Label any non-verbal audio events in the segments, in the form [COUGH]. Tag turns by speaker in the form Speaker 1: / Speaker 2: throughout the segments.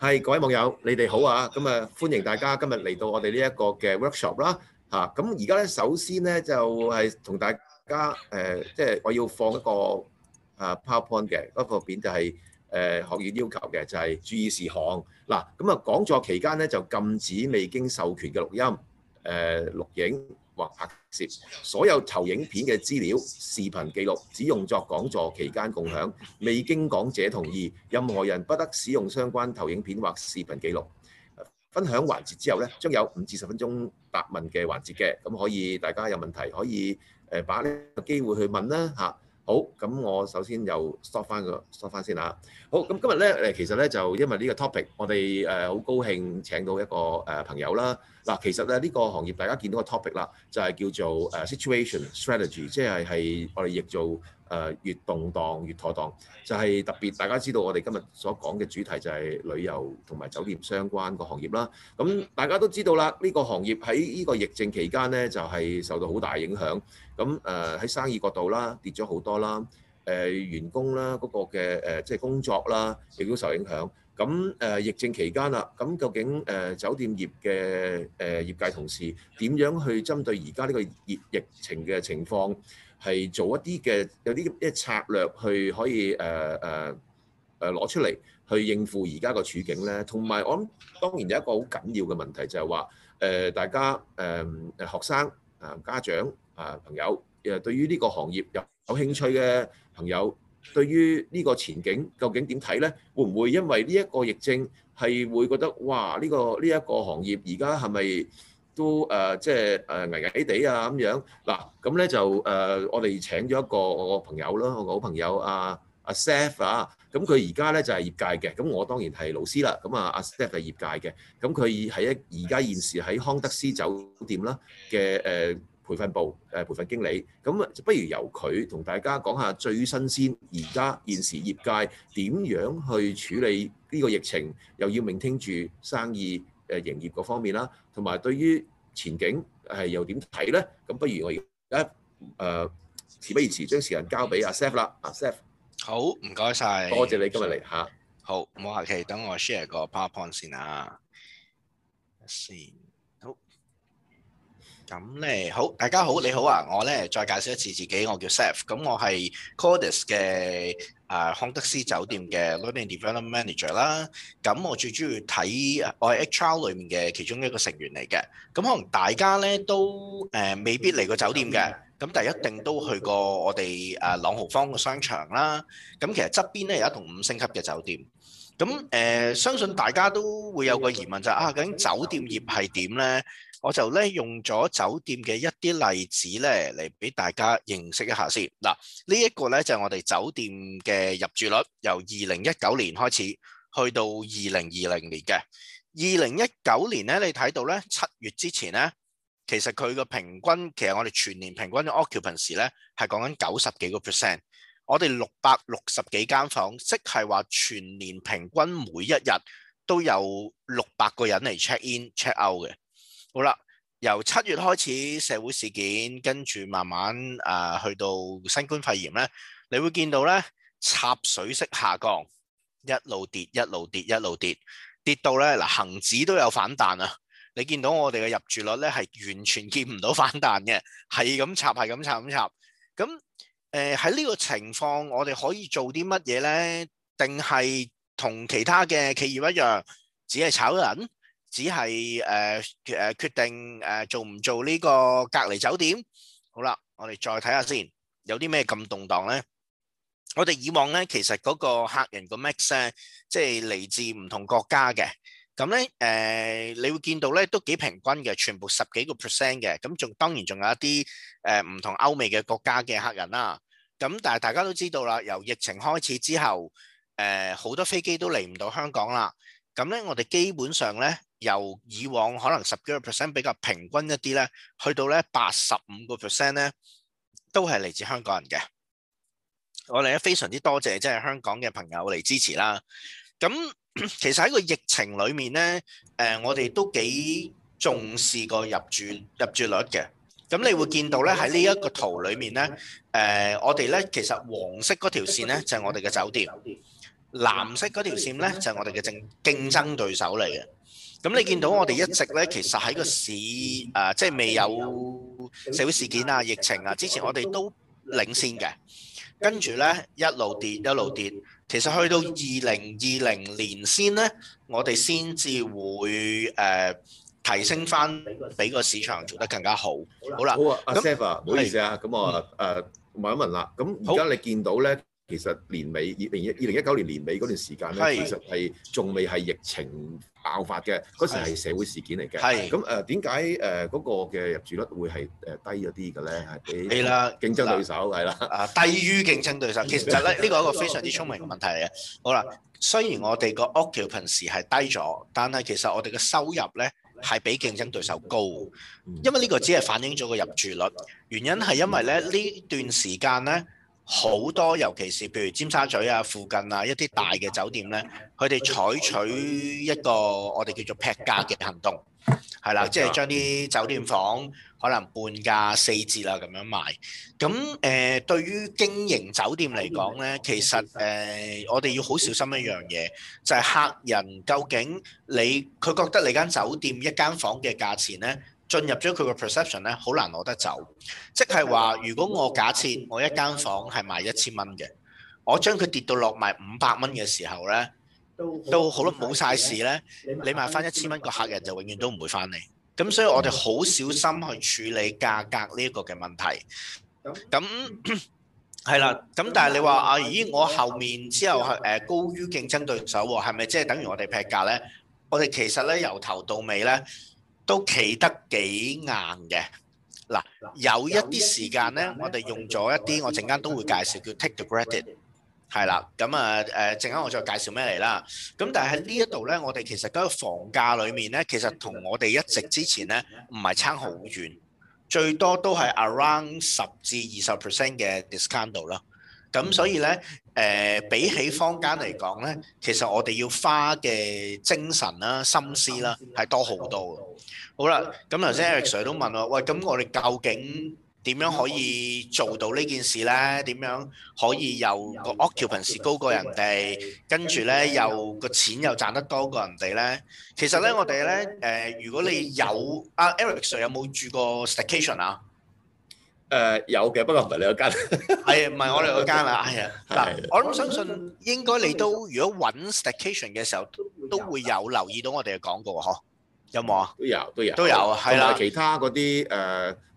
Speaker 1: 係各位網友，你哋好啊！咁啊歡迎大家今日嚟到我哋、啊、呢一個嘅 workshop 啦嚇。咁而家咧，首先咧就係、是、同大家誒，即、呃、係、就是、我要放一個誒 PowerPoint 嘅嗰、那個片、就是呃，就係誒學院要求嘅，就係注意事項嗱。咁啊、嗯、講座期間咧就禁止未經授權嘅錄音誒、呃、錄影。或拍攝所有投影片嘅資料、視頻記錄，只用作講座期間共享，未經講者同意，任何人不得使用相關投影片或視頻記錄。分享環節之後咧，將有五至十分鐘答問嘅環節嘅，咁可以大家有問題可以誒把呢個機會去問啦嚇。好，咁我首先又 stop 翻個 stop 翻先吓。好，咁今日咧誒，其實咧就因為呢個 topic，我哋誒好高興請到一個誒朋友啦。嗱，其實咧呢個行業大家見到個 topic 啦，就係叫做誒 situation strategy，即係係我哋譯做。誒越動蕩越妥當，就係特別大家知道我哋今日所講嘅主題就係旅遊同埋酒店相關嘅行業啦。咁大家都知道啦，呢個行業喺呢個疫症期間呢，就係受到好大影響。咁誒喺生意角度啦，跌咗好多啦。誒員工啦，嗰個嘅誒即係工作啦，亦都受影響。咁誒疫症期間啦，咁究竟誒酒店業嘅誒業界同事點樣去針對而家呢個疫疫情嘅情況？係做一啲嘅，有啲咩策略去可以誒誒誒攞出嚟去應付而家個處境咧？同埋我諗當然有一個好緊要嘅問題就係話誒大家誒、呃、學生啊家長啊，呃、朋友誒對於呢個行業有有興趣嘅朋友對於呢個前景究竟點睇咧？會唔會因為呢一個疫症係會覺得哇呢個呢一個行業而家係咪？都誒，即係誒，危危哋啊咁樣嗱，咁咧就誒，我哋請咗一個我個朋友啦，我個好朋友阿阿 Seth 啊，咁佢而家咧就係業界嘅，咁我當然係老師啦，咁啊阿 Seth 係業界嘅，咁佢喺一而家現時喺康得思酒店啦嘅誒培訓部誒培訓經理，咁啊不如由佢同大家講下最新鮮而家現時業界點樣去處理呢個疫情，又要明聽住生意。誒營業嗰方面啦，同埋對於前景係又點睇咧？咁不如我而家誒，事不宜遲將時間交俾阿 Seth 啦。阿、嗯、Seth，、啊、好唔該晒，多謝，謝，謝，謝你今日嚟嚇。
Speaker 2: 啊、好，唔好客氣，等我 share 個 PowerPoint 先啊。Let's see. 咁咧好，大家好，你好啊！我咧再介紹一次自己，我叫 Seth，咁我係 Cordis 嘅啊康、呃、得思酒店嘅 Learning Development Manager 啦。咁我最中意睇我係 HR 裏面嘅其中一個成員嚟嘅。咁可能大家咧都誒、呃、未必嚟過酒店嘅，咁但係一定都去過我哋啊、呃、朗豪坊個商場啦。咁其實側邊咧有一棟五星級嘅酒店。咁誒、呃，相信大家都會有個疑問就係、是、啊，究竟酒店業係點咧？我就咧用咗酒店嘅一啲例子咧嚟俾大家認識一下先。嗱、這個，呢一個咧就係、是、我哋酒店嘅入住率，由二零一九年開始去到二零二零年嘅。二零一九年咧，你睇到咧七月之前咧，其實佢個平均，其實我哋全年平均嘅 occupancy 咧係講緊九十幾個 percent。我哋六百六十幾間房，即係話全年平均每一日都有六百個人嚟 check in check out 嘅。好啦，由七月開始社會事件，跟住慢慢，呃，去到新冠肺炎咧，你會見到咧插水式下降，一路跌一路跌一路跌，跌到咧嗱，恒指都有反彈啊！你見到我哋嘅入住率咧係完全見唔到反彈嘅，係咁插係咁插咁插。咁誒喺呢個情況，我哋可以做啲乜嘢咧？定係同其他嘅企業一樣，只係炒人？只係誒誒決定誒做唔做呢個隔離酒店？好啦，我哋再睇下先，有啲咩咁動盪咧？我哋以往咧，其實嗰個客人個 mix 即係嚟自唔同國家嘅。咁咧誒，你會見到咧都幾平均嘅，全部十幾個 percent 嘅。咁仲當然仲有一啲誒唔同歐美嘅國家嘅客人啦。咁但係大家都知道啦，由疫情開始之後，誒好多飛機都嚟唔到香港啦。咁咧，我哋基本上咧。由以往可能十幾個 percent 比較平均一啲咧，去到咧八十五個 percent 咧，都係嚟自香港人嘅。我哋咧非常之多謝即係香港嘅朋友嚟支持啦。咁其實喺個疫情裏面咧，誒我哋都幾重視個入住入住率嘅。咁你會見到咧喺呢一個圖裏面咧，誒我哋咧其實黃色嗰條線咧就係我哋嘅酒店，藍色嗰條線咧就係我哋嘅競競爭對手嚟嘅。咁你見到我哋一直咧，其實喺個市誒，即係未有社會事件啊、疫情啊，之前我哋都領先嘅，跟住咧一路跌一路跌。其實去到二零二零年先咧，我哋先至會誒
Speaker 1: 提升返，俾個市場做得更加好。好啦，好啊，阿 Seth，唔好意思啊，咁我誒問一問啦。咁而家你見到咧？其實年尾二零一二零一九年年尾嗰段時間咧，是其實係仲未係疫情爆發嘅，嗰是時係社會事件嚟嘅。係咁誒，點解誒嗰個嘅入住率會係誒低咗啲嘅咧？係比啦，競爭對手係
Speaker 2: 啦，啊，低於
Speaker 1: 競爭對手。其實咧、就是，呢、這個係一個非常之聰明嘅問題嚟嘅。
Speaker 2: 好啦，雖然我哋個 occupancy 係低咗，但係其實我哋嘅收入咧係比競爭對手高，嗯、因為呢個只係反映咗個入住率。原因係因為咧呢、嗯、段時間咧。好多，尤其是譬如尖沙咀啊附近啊一啲大嘅酒店咧，佢哋採取一個我哋叫做劈價嘅行動，係啦， [LAUGHS] 即係將啲酒店房可能半價四折啦咁樣賣，咁誒、呃、對於經營酒店嚟講咧， [LAUGHS] 其實誒、呃、我哋要好小心一樣嘢，就係、是、客人究竟你佢覺得你間酒店一間房嘅價錢咧。進入咗佢個 perception 咧，好難攞得走。即係話，如果我假設我一間房係賣一千蚊嘅，我將佢跌到落埋五百蚊嘅時候咧，都好都好冇晒事咧。你賣翻一千蚊，個客人就永遠都唔會翻嚟。咁所以我哋好小心去處理價格呢一個嘅問題。咁，係啦。咁 [COUGHS] 但係你話啊，咦、哎？我後面之後係高於競爭對手喎，係咪即係等於我哋劈價咧？我哋其實咧由頭到尾咧，都企得幾硬嘅。嗱，有一啲時間咧，我哋用咗一啲，我陣間都會介紹叫 take the credit，係啦，咁啊誒，陣、呃、間我再介紹咩嚟啦，咁但係喺呢一度咧，我哋其實嗰個房價裡面咧，其實同我哋一直之前咧唔係差好遠，最多都係 around 十至二十 percent 嘅 discount 度咯，咁所以咧。嗯誒、呃、比起坊間嚟講咧，其實我哋要花嘅精神啦、啊、心思啦、啊，係多，多好多。好啦，咁頭先 Eric Sir 都問我，喂，咁我哋究竟點樣可以做到呢件事咧？點樣可以有個 occupancy 高過人哋，跟住咧又個錢又賺得多過人哋咧？其實咧，我哋咧、呃、如果你有啊，Eric Sir 有冇住過 staycation 啊？誒有嘅，不過唔係你嗰間，係唔係我哋嗰間啊？係啊，嗱，我諗相信應該你都如果揾 staycation 嘅時候，都會有留意到我哋嘅廣告嗬？有冇啊？
Speaker 1: 都有都有都有，係啦，其他嗰啲誒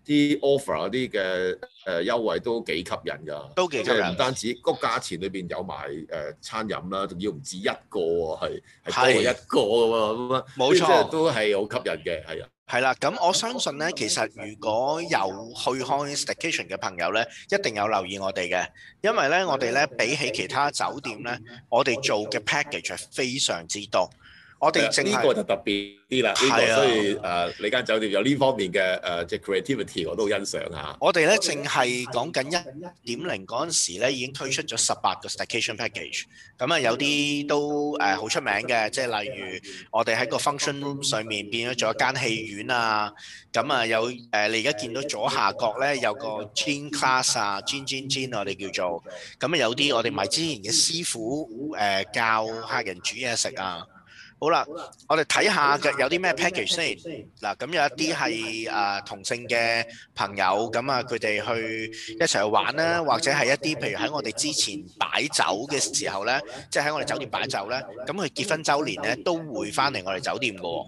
Speaker 1: 啲 offer 嗰啲嘅誒優惠都幾吸引㗎，都幾吸引，唔單止個價錢裏邊有埋誒餐飲啦，仲要唔止一個喎，係係多過一個喎，咁樣冇錯，都係好吸引嘅，係
Speaker 2: 啊。係啦，咁我相信咧，其實如果有去開 staycation 嘅朋友咧，一定有留意我哋嘅，因為咧，我哋咧比起其他酒店咧，我哋
Speaker 1: 做嘅 package 係非常之多。我哋整呢個就特別啲啦，呢、這個、啊、所以誒，uh, 你間酒店有呢方面嘅誒，即、uh, 係 creativity，我都好欣賞下。我
Speaker 2: 哋咧淨係講緊一點零嗰陣時咧，已經推出咗十八個 staycation package。咁啊，有啲都誒好、呃、出名嘅，即係例如我哋喺個 function room 上面變咗做間戲院啊。咁啊，有誒、呃，你而家見到左下角咧有個 gym class 啊，gym gym gym，我哋叫做。咁啊，有啲我哋咪之前嘅師傅誒、呃、教客人煮嘢食啊。好啦，我哋睇下嘅有啲咩 package 先嗱，咁有一啲係誒同性嘅朋友咁啊，佢哋去一齊去玩啦，或者係一啲譬如喺我哋之前擺酒嘅時候咧，即係喺我哋酒店擺酒咧，咁佢結婚週年咧都會翻嚟我哋酒店嘅。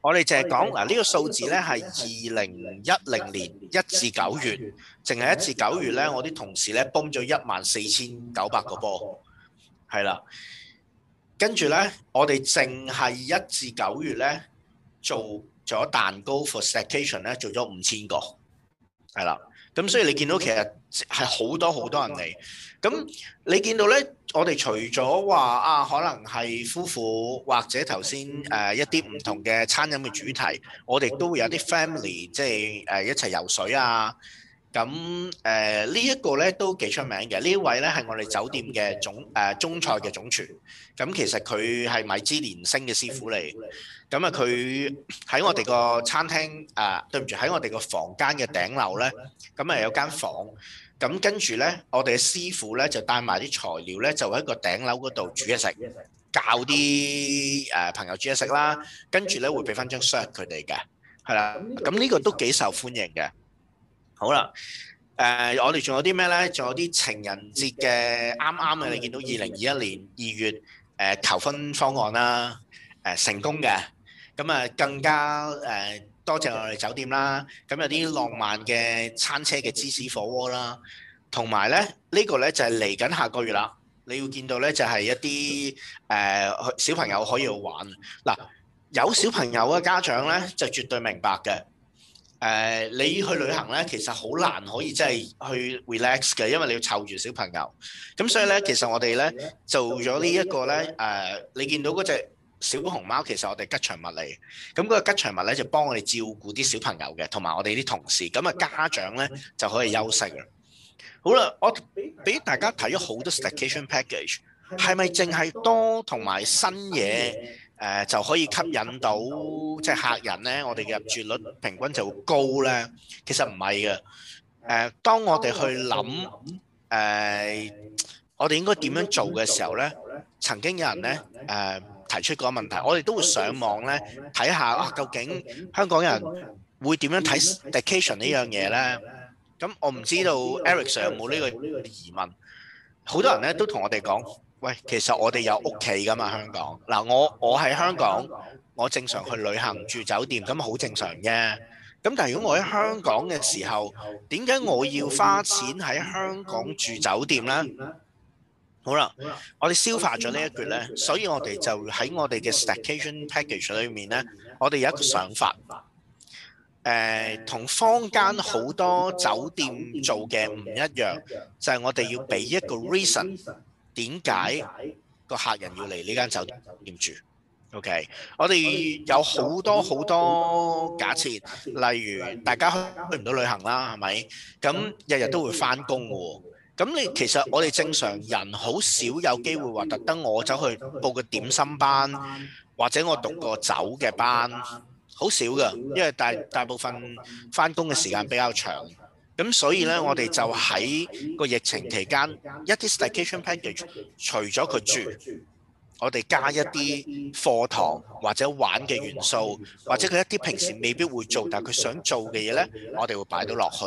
Speaker 2: 我哋淨係講嗱，呢個數字咧係二零一零年一至九月，淨係一至九月咧，我啲同事咧崩咗一萬四千九百個波，係啦。跟住咧，我哋淨係一至九月咧做咗蛋糕 for staycation 咧，做咗五千個，係啦。咁所以你見到其實係好多好多人嚟。咁你見到咧，我哋除咗話啊，可能係夫婦或者頭先、啊、一啲唔同嘅餐飲嘅主題，我哋都會有啲 family 即係誒一齊游水啊。咁誒、呃這個、呢一個咧都幾出名嘅，呢一位咧係我哋酒店嘅總誒中菜嘅總廚。咁其實佢係米芝蓮星嘅師傅嚟。咁啊佢喺我哋個餐廳誒，對唔住喺我哋個房間嘅頂樓咧，咁啊有間房。咁跟住咧，我哋嘅師傅咧就帶埋啲材料咧，就喺個頂樓嗰度煮嘢食，教啲誒、呃、朋友煮嘢食啦。跟住咧會俾返張相佢哋嘅，係啦。咁呢個都幾受歡迎嘅。好啦，誒、呃，我哋仲有啲咩咧？仲有啲情人節嘅啱啱呀，你見到二零二一年二月誒、呃、求婚方案啦，誒、呃、成功嘅，咁、嗯、啊更加誒、呃、多謝我哋酒店啦，咁、嗯、有啲浪漫嘅餐車嘅芝士火鍋啦，同埋咧呢、呢個咧就係嚟緊下個月啦，你要見到咧就係、是、一啲誒、呃、小朋友可以去玩嗱，有小朋友嘅家長咧就絕對明白嘅。誒、呃，你去旅行咧，其實好難可以真係去 relax 嘅，因為你要湊住小朋友。咁所以咧，其實我哋咧做咗呢一個咧，誒、呃，你見到嗰隻小熊貓，其實我哋吉祥物嚟。咁、那、嗰個吉祥物咧就幫我哋照顧啲小朋友嘅，同埋我哋啲同事。咁啊家長咧就可以休息啦。好啦，我俾大家睇咗好多 staycation package，係咪淨係多同埋新嘢？誒，就可以吸引到即係客人咧，我哋嘅入住率平均就會高咧。其實唔係嘅，誒當我哋去諗誒我哋應該點樣做嘅時候咧，曾經有人咧誒提出過問題，我哋都會上網咧睇下啊，究竟香港人會點樣睇 staycation 呢樣嘢咧？咁我唔知道 Eric Sir 有冇呢個疑問？好多人咧都同我哋講，喂，其實我哋有屋企噶嘛，香港。嗱，我我喺香港，我正常去旅行住酒店，咁好正常啫。咁但係如果我喺香港嘅時候，點解我要花錢喺香港住酒店咧？好啦，我哋消化咗呢一橛咧，所以我哋就喺我哋嘅 staycation package 裏面咧，我哋有一個想法。誒同、呃、坊間好多酒店做嘅唔一樣，就係、是、我哋要俾一個 reason，點解個客人要嚟呢間酒店住？OK，我哋有好多好多假設，例如大家去唔到旅行啦，係咪？咁日日都會翻工喎，咁你其實我哋正常人好少有機會話特登我走去報個點心班，或者我讀個酒嘅班。好少㗎，因為大大部分返工嘅時間比較長，咁所以咧，我哋就喺個疫情期間一啲 staycation package，除咗佢住，我哋加一啲課堂或者玩嘅元素，或者佢一啲平時未必會做，但係佢想做嘅嘢咧，我哋會擺到落去。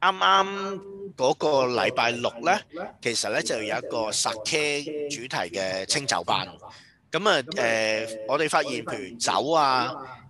Speaker 2: 啱啱嗰個禮拜六咧，其實咧就有一個 sake 主題嘅清酒班，咁啊誒，我哋發現譬如酒啊。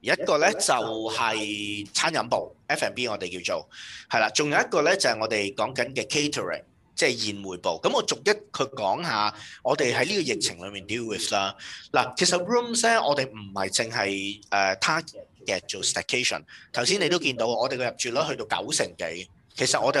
Speaker 2: 一個咧就係、是、餐飲部 F&B，我哋叫做係啦，仲有一個咧就係、是、我哋講緊嘅 catering，即係宴會部。咁我逐一佢講下，我哋喺呢個疫情裏面 deal with 啦。嗱，其實 rooms 咧，我哋唔係淨係 target 嘅做 staycation。頭先你都見到，我哋個入住率去到九成幾。其實我哋，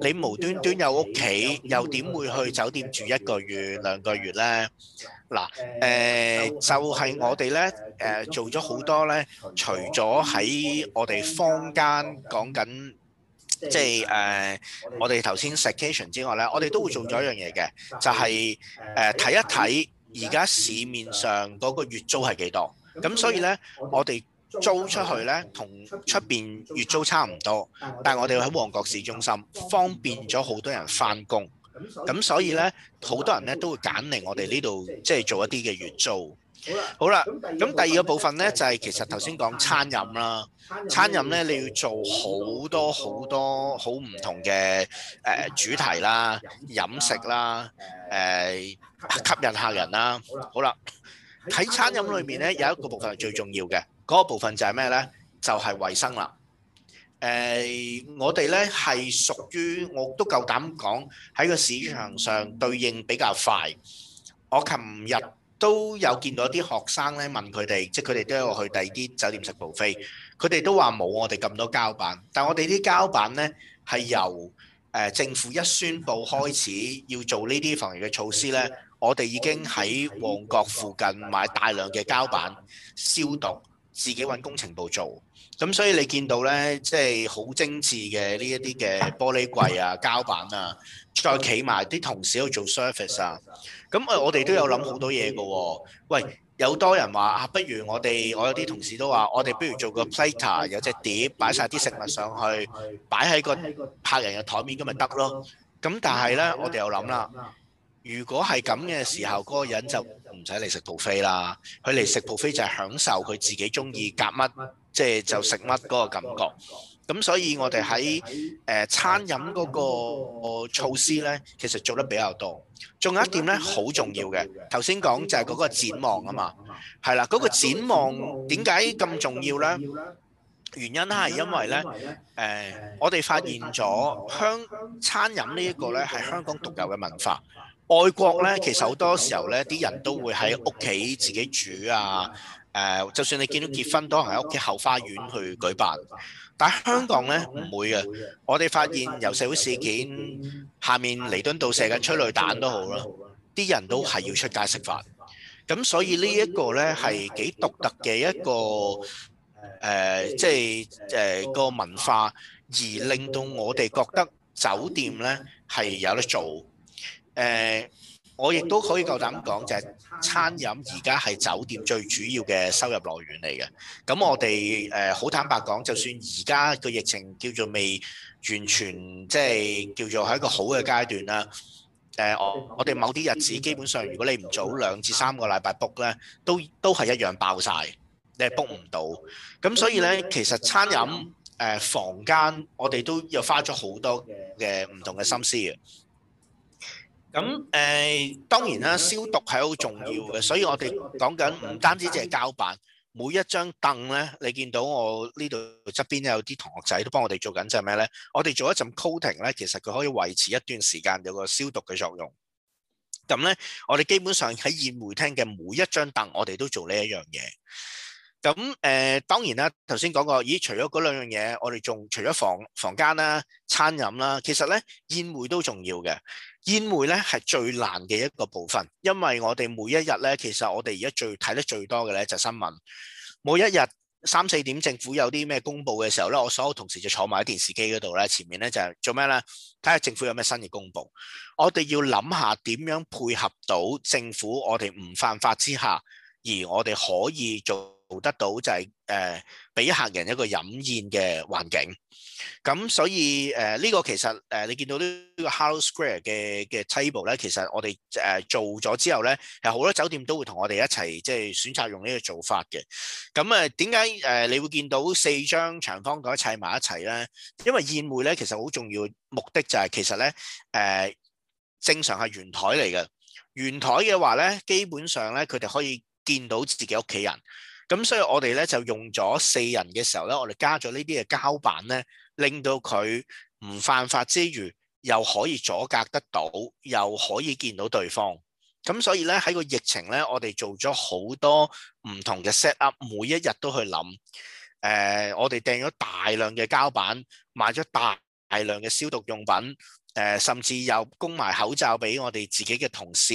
Speaker 2: 你無端端有屋企，又點會去酒店住一個月、兩個月呢？嗱，誒就係我哋呢，誒做咗好多呢，除咗喺我哋坊間講緊，
Speaker 1: 即
Speaker 2: 係誒我哋頭先 staycation 之外呢，我哋都會做咗一樣嘢嘅，就係誒睇一睇而家市面上嗰個月租係幾多，咁所以呢我哋。租出去呢，同出邊月租差唔多，但係我哋要喺旺角市中心，方便咗好多人翻工，咁所以呢，好多人呢都會揀嚟我哋呢度，即係做一啲嘅月租。好啦，咁第二個部分呢，就係其實頭先講餐飲啦，餐飲呢，你要做好多好多好唔同嘅誒主題啦、飲食啦、誒吸引客人啦。好啦。喺餐飲裏面咧有一個部分係最重要嘅，嗰個部分就係咩咧？就係衞生啦。誒，我哋咧係屬於我都夠膽講喺個市場上對應比較快。我琴日都有見到啲學生咧問佢哋，即係佢哋都有去第二啲酒店食 buffet，佢哋都話冇我哋咁多膠板，但我哋啲膠板咧係由誒政府一宣佈開始要做呢啲防疫嘅措施咧。我哋已經喺旺角附近買大量嘅膠板消毒，自己揾工程部做。咁所以你見到咧，即係好精緻嘅呢一啲嘅玻璃櫃啊、膠板啊，再企埋啲同事喺度做 service 啊。咁啊，我哋都有諗好多嘢㗎喎。喂，有多人話啊，不如我哋，我有啲同事都話，我哋不如做個 platter 有隻碟擺晒啲食物上去，擺喺個客人嘅台面咁咪得咯。咁但係咧，我哋又諗啦。如果係咁嘅時候，嗰個人就唔使嚟食 buffet 啦。佢嚟食 buffet 就係享受佢自己中意夾乜，即係就食乜嗰個感覺。咁所以我哋喺誒餐飲嗰個措施呢，其實做得比較多。仲有一點呢，好重要嘅。頭先講就係嗰個展望啊嘛，係啦，嗰個展望點解咁重要呢？原因係因為呢，誒，我哋發現咗香餐飲呢一個呢，係香港獨有嘅文化。外國咧，其實好多時候咧，啲人都會喺屋企自己煮啊。誒、呃，就算你見到結婚都係喺屋企後花園去舉辦。但係香港咧唔會嘅，我哋發現由社會事件下面彌敦道射嘅催淚彈都好啦，啲人都係要出街食飯。咁所以呢一個咧係幾獨特嘅一個誒，即係誒個文化，而令到我哋覺得酒店咧係有得做。誒、呃，我亦都可以夠膽講，就係餐飲而家係酒店最主要嘅收入來源嚟嘅。咁我哋誒好坦白講，就算而家個疫情叫做未完全，即係叫做喺一個好嘅階段啦。誒、呃，我我哋某啲日子基本上，如果你唔早兩至三個禮拜 book 咧，都都係一樣爆晒，你係 book 唔到。咁所以咧，其實餐飲誒、呃、房間，我哋都又花咗好多嘅嘅唔同嘅心思嘅。咁誒那、嗯呃，當然啦，消毒係好重要嘅，要的，所以我哋講緊唔單止淨係膠板，嗯、每一張凳咧，你見到我呢度側邊有啲同學仔都幫我哋做緊，就係咩咧？我哋做一陣 coating 咧，其實佢可以維持一段時間有個消毒嘅作用。咁咧，我哋基本上喺宴會廳嘅每一張凳，我哋都做呢一樣嘢。咁誒、呃，當然啦。頭先講過咦，除咗嗰兩樣嘢，我哋仲除咗房房間啦、餐飲啦，其實咧宴會都重要嘅。宴會咧係最難嘅一個部分，因為我哋每一日咧，其實我哋而家最睇得最多嘅咧就係、新聞。每一日三四點政府有啲咩公佈嘅時候咧，我所有同事就坐埋喺電視機嗰度咧，前面咧就係、係、做咩咧？睇下政府有咩新嘅公佈。我哋要諗下點樣配合到政府，我哋唔犯法之下，而我哋可以做。做得到就係誒俾客人一個飲宴嘅環境咁，所以誒呢、呃這個其實誒、呃、你見到呢個 hollow square 嘅嘅 table 咧，其實我哋誒、呃、做咗之後咧，係好多酒店都會同我哋一齊即係選擇用呢個做法嘅。咁誒點解誒你會見到四張長方台砌埋一齊咧？因為宴會咧，其實好重要的目的就係、是、其實咧誒、呃、正常係圓台嚟嘅，圓台嘅話咧，基本上咧佢哋可以見到自己屋企人。咁所以我哋咧就用咗四人嘅時候咧，我哋加咗呢啲嘅膠板咧，令到佢唔犯法之餘，又可以阻隔得到，又可以見到對方。咁所以咧喺個疫情咧，我哋做咗好多唔同嘅 set up，每一日都去諗、呃。我哋訂咗大量嘅膠板，買咗大量嘅消毒用品，呃、甚至又供埋口罩俾我哋自己嘅同事。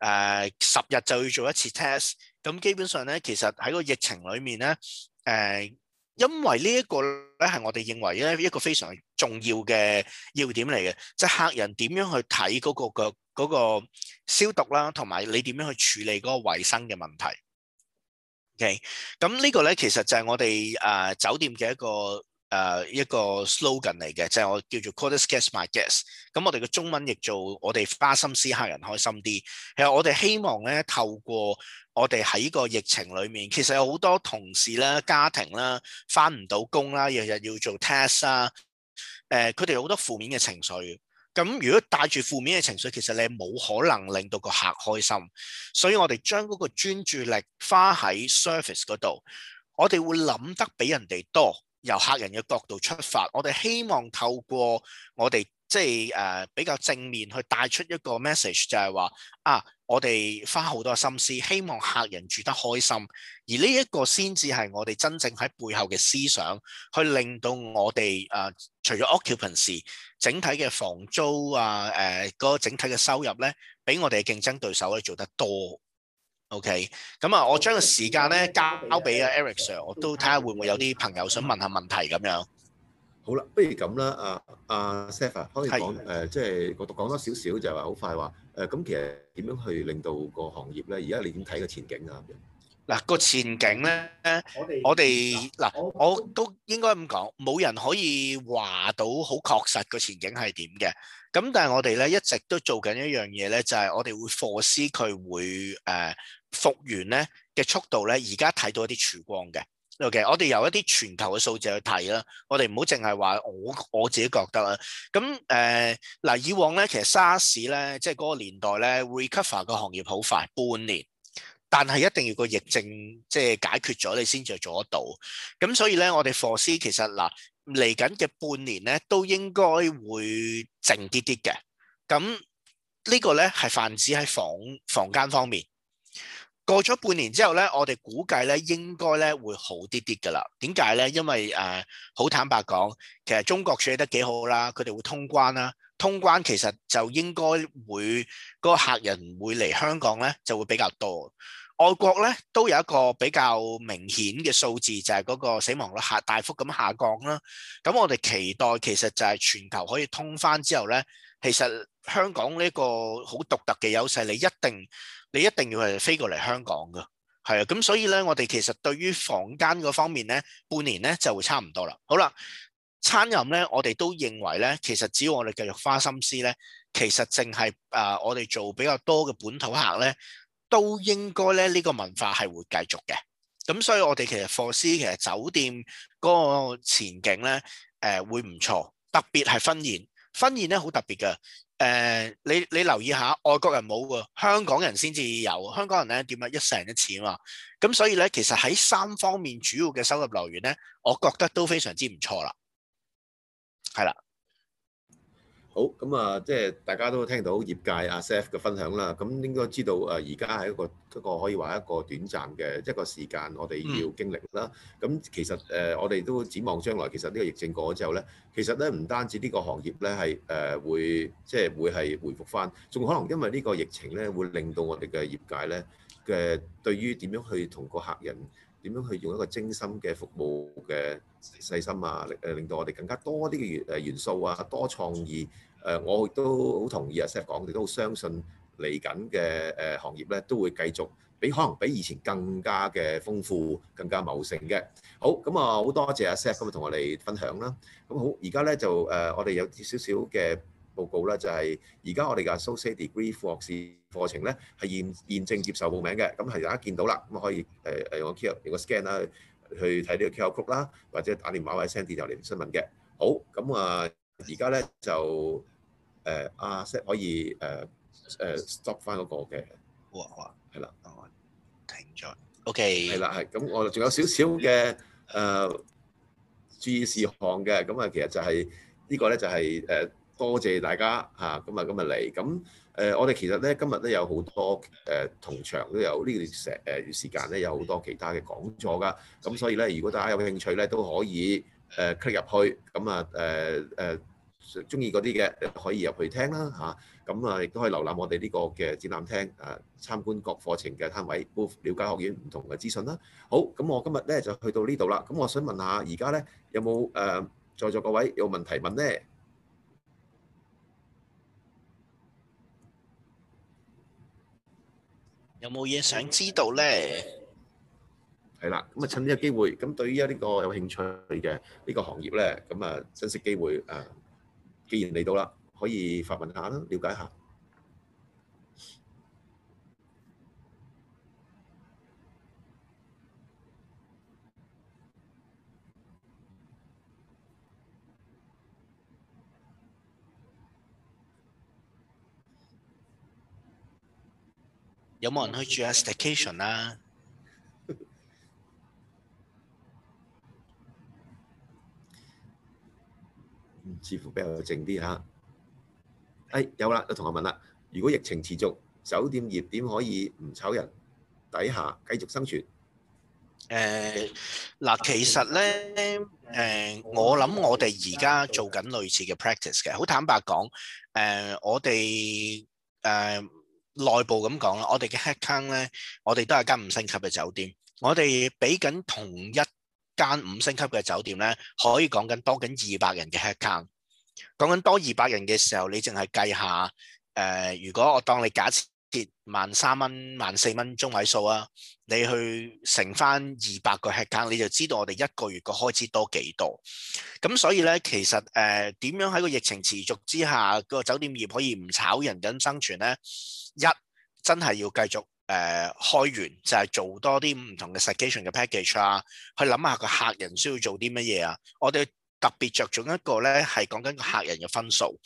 Speaker 2: 呃、十日就要做一次 test。咁基本上咧，其實喺個疫情裏面咧，誒，因為呢一個咧係我哋認為咧一個非常重要嘅要點嚟嘅，即係客人點樣去睇嗰個嗰個消毒啦，同埋你點樣去處理嗰個衞生嘅問題。OK，咁呢個咧其實就係我哋誒酒店嘅一個。誒一個 slogan 嚟嘅，即、就、係、是、我叫做 Cordis guest my guest，咁我哋嘅中文譯做我哋花心思客人開心啲。其實我哋希望咧，透過我哋喺個疫情裡面，其實有好多同事咧、家庭啦，翻唔到工啦，日日要做 test 啊。誒、呃，佢哋好多負面嘅情緒。咁如果帶住負面嘅情緒，其實你冇可能令到個客開心。所以我哋將嗰個專注力花喺 service 嗰度，我哋會諗得比人哋多。由客人嘅角度出發，我哋希望透過我哋即係誒比較正面去帶出一個 message，就係話啊，我哋花好多心思，希望客人住得開心，而呢一個先至係我哋真正喺背後嘅思想，去令到我哋誒、呃、除咗 occupancy，整體嘅房租啊誒、呃嗰個整體嘅收入咧，比我哋嘅競爭對手咧做得多。O.K. 咁啊，我將個時間咧交俾啊 Eric Sir，我都睇下會唔會有啲
Speaker 1: 朋友想問下問題咁樣。好啦，不如咁啦，阿阿 Seth 可以講誒，即係我講多少少就係話好快話誒。咁其實點樣去令到個行業咧？而家你點睇個前景啊？嗱，個前景咧，
Speaker 2: 我哋我哋嗱，我都應該咁講，冇人可以話到好確實個前景係點嘅。咁但係我哋咧一直都做緊一樣嘢咧，就係我哋會 foresight 佢會誒。復原咧嘅速度咧，而家睇到一啲曙光嘅。OK，我哋由一啲全球嘅數字去睇啦。我哋唔好淨係話我我自己覺得啦。咁誒嗱，以往咧其實 SARS 咧，即係嗰個年代咧 recover 個行業好快半年，但係一定要個疫症即係、就是、解決咗，你先至做得到。咁所以咧，我哋霍斯其實嗱嚟緊嘅半年咧都應該會靜啲啲嘅。咁、這個、呢個咧係泛指喺房房間方面。過咗半年之後咧，我哋估計咧應該咧會好啲啲㗎啦。點解咧？因為誒好、呃、坦白講，其實中國處理得幾好啦，佢哋會通關啦。通關其實就應該會嗰、嗰個客人會嚟香港咧就會比較多。外國咧都有一個比較明顯嘅數字，就係、係、嗰個死亡率下大幅咁下降啦。咁我哋期待其實就係全球可以通返之後咧，其實。香港呢個好獨特嘅優勢，你一定你一定要係飛過嚟香港㗎，係啊，咁所以咧，我哋其實對於房間嗰方面咧，半年咧就會差唔多啦。好啦，餐飲咧，我哋都認為咧，其實只要我哋繼續花心思咧，其實淨係誒我哋做比較多嘅本土客咧，都應該咧呢個文化係會繼續嘅。咁所以我哋其實房司、其實酒店嗰個前景咧誒、呃、會唔錯，特別係婚宴，婚宴咧好特別嘅。誒、呃，你你留意下，外國人冇喎，香港人先至有。香港人咧點解一成一次啊嘛，咁所以咧，其實喺三方面主要嘅收入來源咧，我覺得都非常之唔錯啦，
Speaker 1: 係啦。好咁啊，即係大家都聽到業界阿 Seth 嘅分享啦，咁應該知道誒，而家係一個一個可以話一個短暫嘅一個時間，我哋要經歷啦。咁、嗯、其實誒，我哋都展望將來其這，其實呢個疫情過咗之後咧，其實咧唔單止呢個行業咧係誒會即係、即係、會係回復翻，仲可能因為呢個疫情咧，會令到我哋嘅業界咧嘅對於點樣去同個客人。點樣去用一個精心嘅服務嘅細心啊，令令到我哋更加多啲嘅元誒元素啊，多創意誒，我亦都好同意阿 Seth 講，我哋都好相信嚟緊嘅誒行業咧，都會繼續比可能比以前更加嘅豐富，更加茂盛嘅。好咁啊，好多謝阿 Seth 今日同我哋分享啦。咁好，而家咧就誒，我哋有少少嘅報告啦，就係而家我哋嘅 Associate Degree 副學士課程咧，係現現正接受報名嘅。咁係大家見到啦，咁可以誒誒用個 QR 用個 Scan 啦，去睇呢個 QR code 啦，或者打電話或者 send 電郵嚟詢問嘅。好，咁啊，而家咧就誒啊 Seth，可以誒誒 stop 翻嗰個嘅，好啊，係啦，停咗，OK，係啦，係。咁我仲有少少嘅誒注意事項嘅，咁啊，其實就係呢個咧就係誒。多謝大家嚇，咁啊今日嚟，咁誒我哋其實咧今日咧有好多誒同場都有呢段時誒時間咧有好多其他嘅講座噶，咁所以咧如果大家有興趣咧都可以誒 click 入去，咁啊誒誒中意嗰啲嘅可以入去聽啦嚇，咁啊亦都可以瀏覽我哋呢個嘅展覽廳啊，參觀各課程嘅攤位，了解學院唔同嘅資訊啦。好，咁我今日咧就去到呢度啦，咁我想問下而家咧有冇誒在座各位有問題問咧？
Speaker 2: 有冇嘢想知道咧？
Speaker 1: 係啦，咁啊趁呢個機會，咁對於呢個有興趣嘅呢個行業咧，咁啊珍惜機會，誒，既然嚟到啦，可以發問下啦，了解下。
Speaker 2: 有冇人去住 staycation 啊？
Speaker 1: 似乎比較靜啲吓。哎，有啦！有同學問啦，如果疫情持續，酒店業點可以唔炒人底下繼續生存？誒嗱，其實咧，
Speaker 2: 誒我諗我哋而家做緊類似嘅 practice 嘅。好坦白講，誒我哋誒。內部咁講啦，我哋嘅 headcount 咧，我哋都係間五星級嘅酒店，我哋畀緊同一間五星級嘅酒店咧，可以講緊多緊二百人嘅 headcount，講緊多二百人嘅時候，你淨係計下，誒、呃，如果我當你假設。萬三蚊、萬四蚊中位數啊，你去乘翻二百個吃間，你就知道我哋一個月個開支多幾多。咁所以咧，其實誒點、呃、樣喺個疫情持續之下，個酒店業可以唔炒人緊生存咧？一真係要繼續誒、呃、開源，就係、是、做多啲唔同嘅 situation 嘅 package 啊，去諗下個客人需要做啲乜嘢啊，我哋。特別着重一個咧，係講緊個客人嘅分數，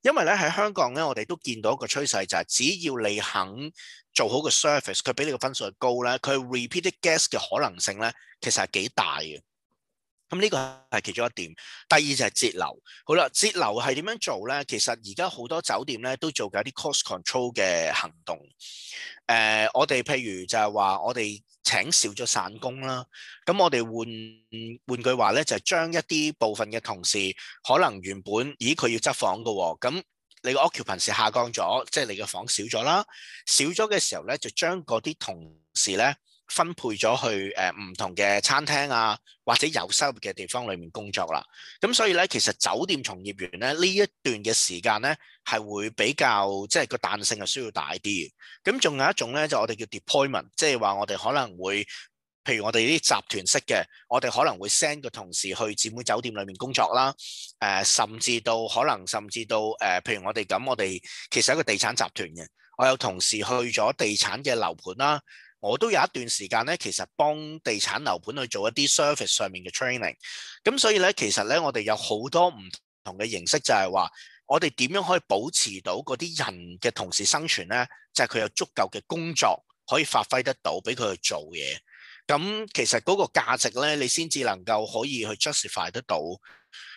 Speaker 2: 因為咧喺香港咧，我哋都見到一個趨勢就係、是，只要你肯做好個 service，佢俾你個分數係高咧，佢 repeat the guest 嘅可能性咧，其實係幾大嘅。咁呢個係其中一點。第二就係節流。好啦，節流係點樣做咧？其實而家好多酒店咧都做緊一啲 cost control 嘅行動。誒、呃，我哋譬如就係話，我哋請少咗散工啦。咁我哋換換句話咧，就係、是、將一啲部分嘅同事，可能原本咦佢要執房嘅喎，咁你個 occupancy 下降咗，即、就、係、是、你嘅房少咗啦。少咗嘅時候咧，就將嗰啲同事咧，分配咗去誒唔同嘅餐廳啊，或者有收入嘅地方裏面工作啦。咁所以咧，其實酒店從業員咧呢這一段嘅時間咧，係會比較，即係個彈性係需要大啲嘅。咁仲有一種咧，就我哋叫 deployment，即係話我哋可能會，譬如我哋啲集團式嘅，我哋可能會 send 個同事去姊妹酒店裏面工作啦，呃，甚至到可能甚至到，呃，譬如我哋咁，我哋其實係一個地產集團嘅，我有同事去咗地產嘅樓盤啦。我都有一段時間咧，其實幫地產樓盤去做一啲 service 上面嘅 training。咁所以咧，其實咧，我哋有好多唔同嘅形式，就係話我哋點樣可以保持到嗰啲人嘅同時生存咧？就係佢有足夠嘅工作可以發揮得到，俾佢去做嘢。咁其實嗰個價值咧，你先至能夠可以去 justify 得到。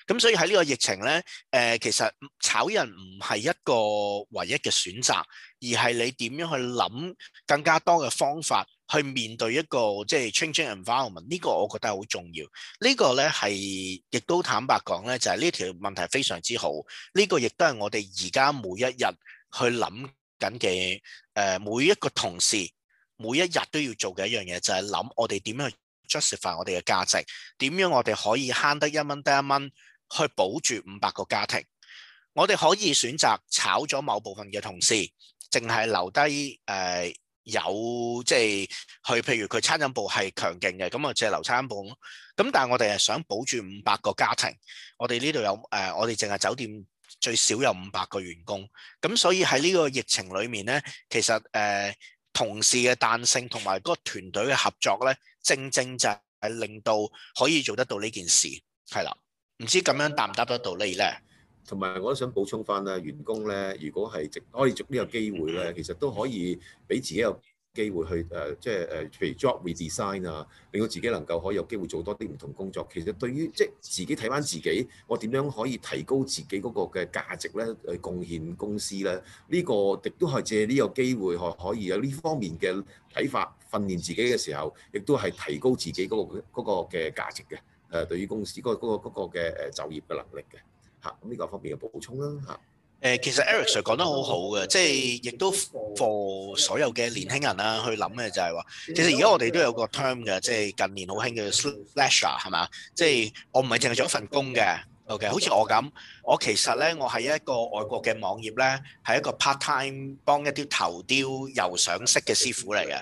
Speaker 2: 咁所以喺呢個疫情咧、呃，其實炒人唔係一個唯一嘅選擇，而係你點樣去諗更加多嘅方法去面對一個即係、就是、changing environment。呢個我覺得好重要。這個、呢個咧係亦都坦白講咧，就係呢條問題非常之好。呢、這個亦都係我哋而家每一日去諗緊嘅呃，每一個同事每一日都要做嘅一樣嘢，就係、是、諗我哋點樣去 justify 我哋嘅價值，點樣我哋可以慳得一蚊得一蚊。去保住五百個家庭，我哋可以選擇炒咗某部分嘅同事，淨係留低誒、呃、有即係去，譬如佢餐飲部係強勁嘅，咁啊只留餐飲部。咁但係我哋係想保住五百個家庭，我哋呢度有誒、呃，我哋淨係酒店最少有五百個員工，咁所以喺呢個疫情裏面咧，其實誒、呃、同事嘅彈性同埋個團隊嘅合作咧，正正就係令到可以做得到呢
Speaker 1: 件事，係啦。唔知咁樣答唔答得到你咧？同埋我都想補充翻啦，員工咧，如果係值可以捉呢個機會咧，其實都可以俾自己有機會去誒，即係誒，譬如 job redesign 啊，令到自己能夠可以有機會做多啲唔同工作。其實對於即係自己睇翻自己，我點樣可以提高自己嗰個嘅價值咧？去貢獻公司咧，呢個亦都係借呢個機會可可以有呢方面嘅睇法訓練自己嘅時候，亦都係提高自己嗰個嗰個嘅價值嘅。誒對於公司嗰個嗰個嗰個嘅誒就業嘅能力嘅嚇，咁呢個方面嘅補充啦嚇。
Speaker 2: 誒其實 Eric Sir 講得好好嘅，即係亦都 for 所有嘅年輕人啦去諗嘅就係話，其實而家我哋都有個 term 嘅，即係近年好興嘅 slasher 係嘛？即係我唔係淨係做一份工嘅，OK？好似我咁，我其實咧我係一個外國嘅網頁咧，係一個 part time 幫一啲頭雕又上色嘅師傅嚟嘅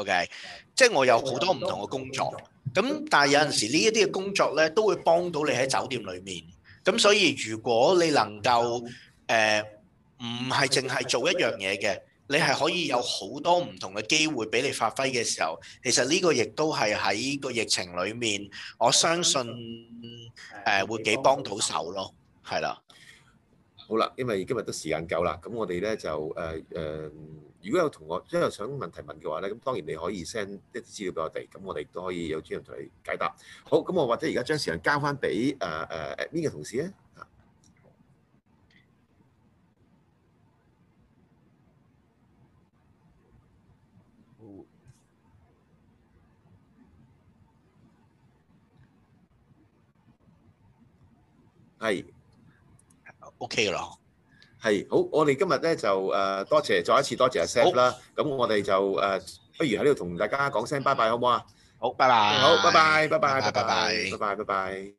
Speaker 2: ，OK？即係我有好多唔同嘅工作。咁、嗯、但係有陣時呢一啲嘅工作咧，都會幫到你喺酒店裏面。咁所以如果你能夠誒，唔係淨係做一樣嘢嘅，你係可以有好多唔同嘅機會俾你發揮嘅時候，其實呢個亦都係喺個疫情裏面，我相信
Speaker 1: 誒、呃、會幾幫到手咯，係啦。好啦，因為今日都時間夠啦，咁我哋咧就誒誒，如果有同學即係想問題問嘅話咧，咁當然你可以 send 一啲資料俾我哋，咁我哋亦都可以有專人同你解答。好，咁我或者而家將時間交翻俾誒誒誒邊個同事咧？啊，係。O K 啦，係、okay、好，我哋今日咧就誒多謝，再一次多謝阿 Sam 啦好，咁、啊、我哋就誒、啊，不如喺呢度同大家講聲拜拜，好唔好啊？好，拜拜，拜拜，好，拜，拜拜，拜拜，拜拜，拜拜，拜拜。